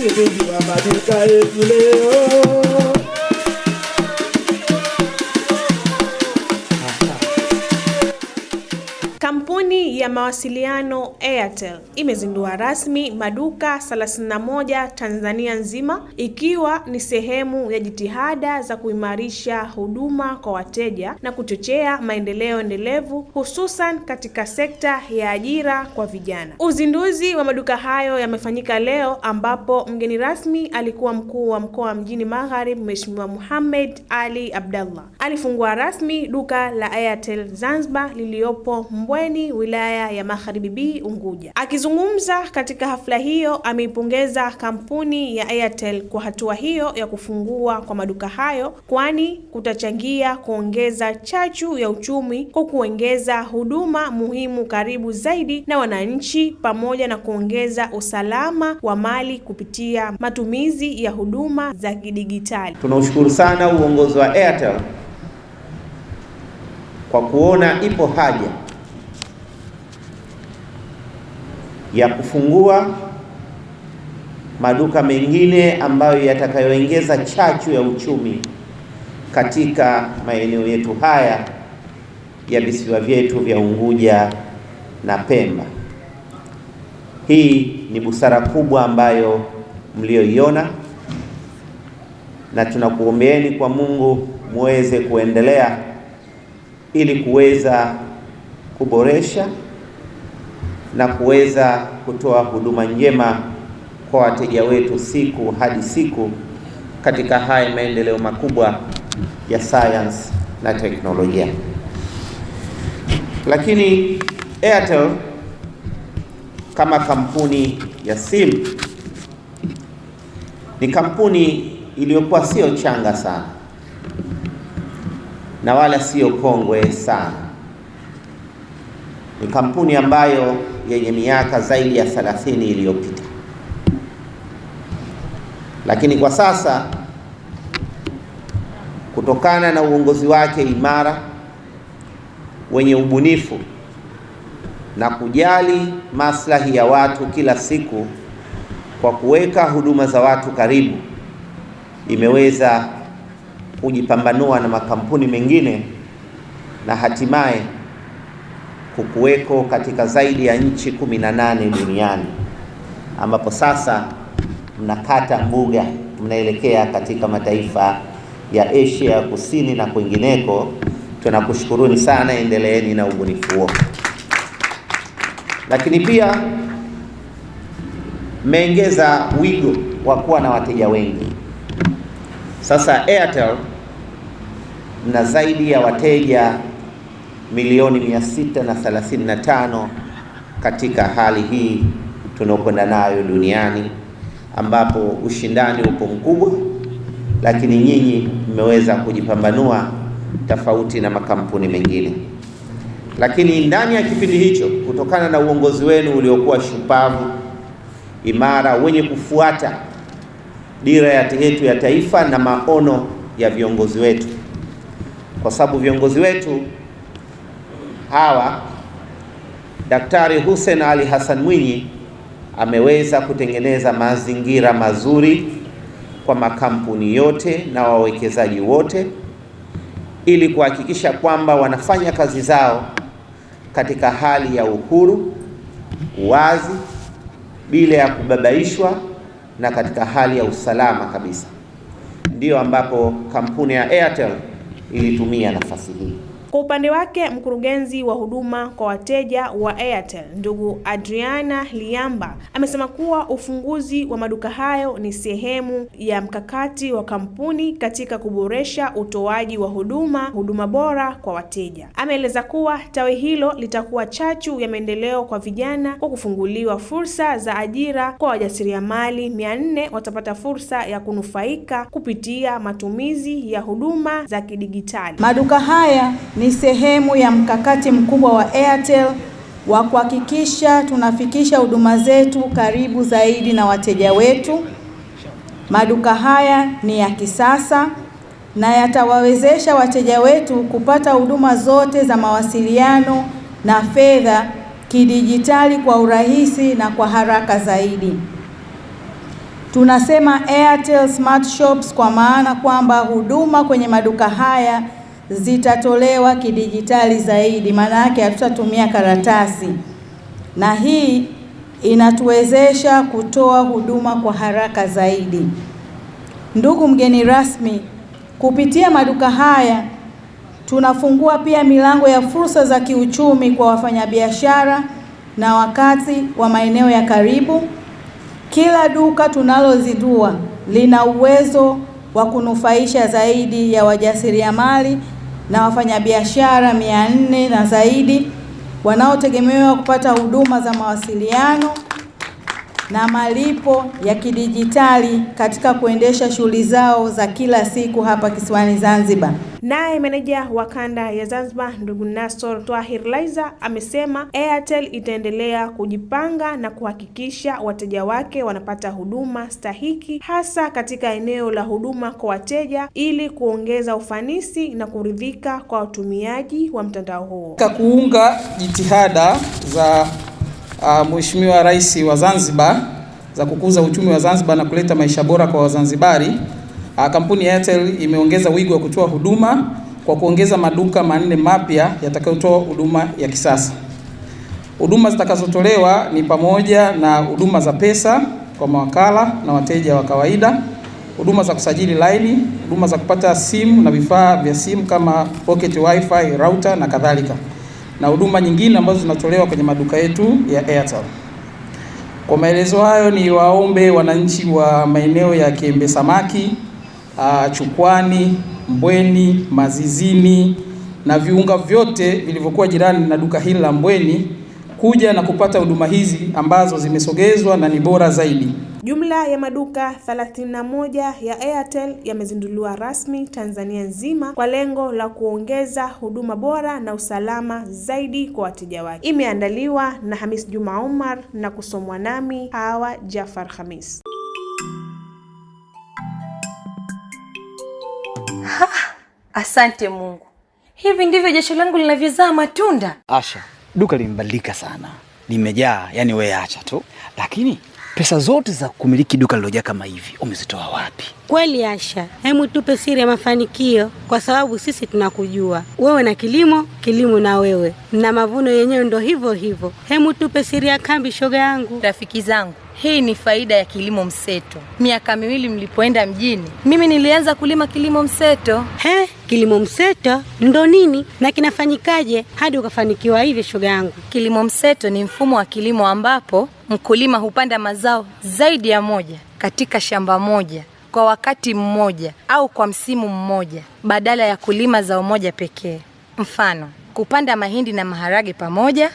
Se pe diwa madika etu leyo mawasiliano Airtel imezindua rasmi maduka 31 Tanzania nzima ikiwa ni sehemu ya jitihada za kuimarisha huduma kwa wateja na kuchochea maendeleo endelevu hususan katika sekta ya ajira kwa vijana. Uzinduzi wa maduka hayo yamefanyika leo ambapo mgeni rasmi alikuwa mkuu wa mkoa mjini Magharibi Mheshimiwa Muhammad Ali Abdallah. Alifungua rasmi duka la Airtel Zanzibar liliyopo Mbweni wilaya wilaya ya Magharibi B Unguja. Akizungumza katika hafla hiyo, ameipongeza kampuni ya Airtel kwa hatua hiyo ya kufungua kwa maduka hayo, kwani kutachangia kuongeza chachu ya uchumi kwa kuongeza huduma muhimu karibu zaidi na wananchi, pamoja na kuongeza usalama wa mali kupitia matumizi ya huduma za kidigitali. Tunaushukuru sana uongozi wa Airtel kwa kuona ipo haja ya kufungua maduka mengine ambayo yatakayoongeza chachu ya uchumi katika maeneo yetu haya ya visiwa vyetu vya Unguja na Pemba. Hii ni busara kubwa ambayo mlioiona, na tunakuombeeni kwa Mungu muweze kuendelea ili kuweza kuboresha na kuweza kutoa huduma njema kwa wateja wetu siku hadi siku katika haya maendeleo makubwa ya science na teknolojia. Lakini Airtel kama kampuni ya simu ni kampuni iliyokuwa sio changa sana na wala sio kongwe sana, ni kampuni ambayo yenye miaka zaidi ya 30 iliyopita, lakini kwa sasa kutokana na uongozi wake imara wenye ubunifu na kujali maslahi ya watu kila siku kwa kuweka huduma za watu karibu, imeweza kujipambanua na makampuni mengine na hatimaye kukuweko katika zaidi ya nchi 18 duniani, ambapo sasa mnakata mbuga mnaelekea katika mataifa ya Asia Kusini na kwingineko. Tunakushukuruni sana, endeleeni na ubunifu huo. Lakini pia mmeongeza wigo wa kuwa na wateja wengi. Sasa Airtel mna zaidi ya wateja milioni 635 katika hali hii tunaokwenda nayo duniani ambapo ushindani upo mkubwa, lakini nyinyi mmeweza kujipambanua tofauti na makampuni mengine. Lakini ndani ya kipindi hicho, kutokana na uongozi wenu uliokuwa shupavu, imara, wenye kufuata dira ya yetu ya taifa na maono ya viongozi wetu, kwa sababu viongozi wetu hawa Daktari Hussein Ali Hassan Mwinyi ameweza kutengeneza mazingira mazuri kwa makampuni yote na wawekezaji wote ili kuhakikisha kwamba wanafanya kazi zao katika hali ya uhuru, uwazi, bila ya kubabaishwa na katika hali ya usalama kabisa. Ndiyo ambapo kampuni ya Airtel ilitumia nafasi hii. Kwa upande wake, mkurugenzi wa huduma kwa wateja wa Airtel ndugu Adriana Liamba amesema kuwa ufunguzi wa maduka hayo ni sehemu ya mkakati wa kampuni katika kuboresha utoaji wa huduma huduma bora kwa wateja. Ameeleza kuwa tawi hilo litakuwa chachu ya maendeleo kwa vijana kwa kufunguliwa fursa za ajira kwa wajasiriamali mia nne watapata fursa ya kunufaika kupitia matumizi ya huduma za kidigitali. Maduka haya ni sehemu ya mkakati mkubwa wa Airtel wa kuhakikisha tunafikisha huduma zetu karibu zaidi na wateja wetu. Maduka haya ni ya kisasa na yatawawezesha wateja wetu kupata huduma zote za mawasiliano na fedha kidijitali kwa urahisi na kwa haraka zaidi. Tunasema Airtel Smart Shops kwa maana kwamba huduma kwenye maduka haya zitatolewa kidijitali zaidi, maana yake hatutatumia karatasi, na hii inatuwezesha kutoa huduma kwa haraka zaidi. Ndugu mgeni rasmi, kupitia maduka haya tunafungua pia milango ya fursa za kiuchumi kwa wafanyabiashara na wakazi wa maeneo ya karibu. Kila duka tunalozidua lina uwezo wa kunufaisha zaidi ya wajasiriamali na wafanyabiashara mia nne na zaidi wanaotegemewa kupata huduma za mawasiliano na malipo ya kidijitali katika kuendesha shughuli zao za kila siku hapa kisiwani Zanzibar. Naye meneja wa kanda ya Zanzibar ndugu nasor Twahir Laiza amesema Airtel itaendelea kujipanga na kuhakikisha wateja wake wanapata huduma stahiki hasa katika eneo la huduma kwa wateja ili kuongeza ufanisi na kuridhika kwa watumiaji wa mtandao huo. Kuunga jitihada za uh, Mheshimiwa Rais wa Zanzibar za kukuza uchumi wa Zanzibar na kuleta maisha bora kwa Wazanzibari, uh, kampuni ya Airtel imeongeza wigo wa kutoa huduma kwa kuongeza maduka manne mapya yatakayotoa huduma ya kisasa. Huduma zitakazotolewa ni pamoja na huduma za pesa kwa mawakala na wateja wa kawaida, huduma za kusajili laini, huduma za kupata simu na vifaa vya simu kama pocket wifi, router na kadhalika na huduma nyingine ambazo zinatolewa kwenye maduka yetu ya Airtel. Kwa maelezo hayo, ni waombe wananchi wa maeneo ya Kiembe Samaki, ah, Chukwani, Mbweni, Mazizini na viunga vyote vilivyokuwa jirani na duka hili la Mbweni kuja na kupata huduma hizi ambazo zimesogezwa na ni bora zaidi. Jumla ya maduka 31 ya Airtel yamezinduliwa rasmi Tanzania nzima kwa lengo la kuongeza huduma bora na usalama zaidi kwa wateja wake. Imeandaliwa na Hamis Juma Omar na kusomwa nami Hawa Jafar Hamis. Ha, asante Mungu. Hivi ndivyo jasho langu linavyozaa matunda. Asha, duka limebadilika sana, limejaa. Yani wewe acha tu, lakini Pesa zote za kumiliki duka lilojaa kama hivi umezitoa wapi? Kweli Asha, hemu tupe siri ya mafanikio, kwa sababu sisi tunakujua wewe na kilimo, kilimo na wewe na mavuno yenyewe ndo hivyo hivyo. hemu tupe siri ya kambi, shoga yangu. Rafiki zangu hii ni faida ya kilimo mseto. Miaka miwili mlipoenda mjini, mimi nilianza kulima kilimo mseto. He, kilimo mseto ndo nini na kinafanyikaje hadi ukafanikiwa hivi, shoga yangu? Kilimo mseto ni mfumo wa kilimo ambapo mkulima hupanda mazao zaidi ya moja katika shamba moja kwa wakati mmoja au kwa msimu mmoja badala ya kulima zao moja pekee. Mfano, kupanda mahindi na maharage pamoja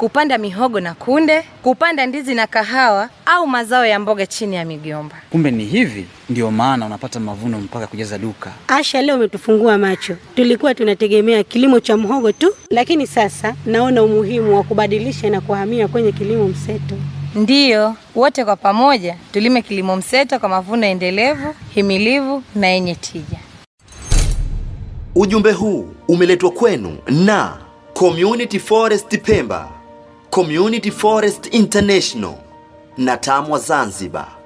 kupanda mihogo na kunde, kupanda ndizi na kahawa au mazao ya mboga chini ya migomba. Kumbe ni hivi ndio maana unapata mavuno mpaka kujaza duka. Asha, leo umetufungua macho. Tulikuwa tunategemea kilimo cha mhogo tu, lakini sasa naona umuhimu wa kubadilisha na kuhamia kwenye kilimo mseto. Ndiyo, wote kwa pamoja tulime kilimo mseto kwa mavuno endelevu, himilivu na yenye tija. Ujumbe huu umeletwa kwenu na Community Forest Pemba. Community Forest International na TAMWA Zanzibar.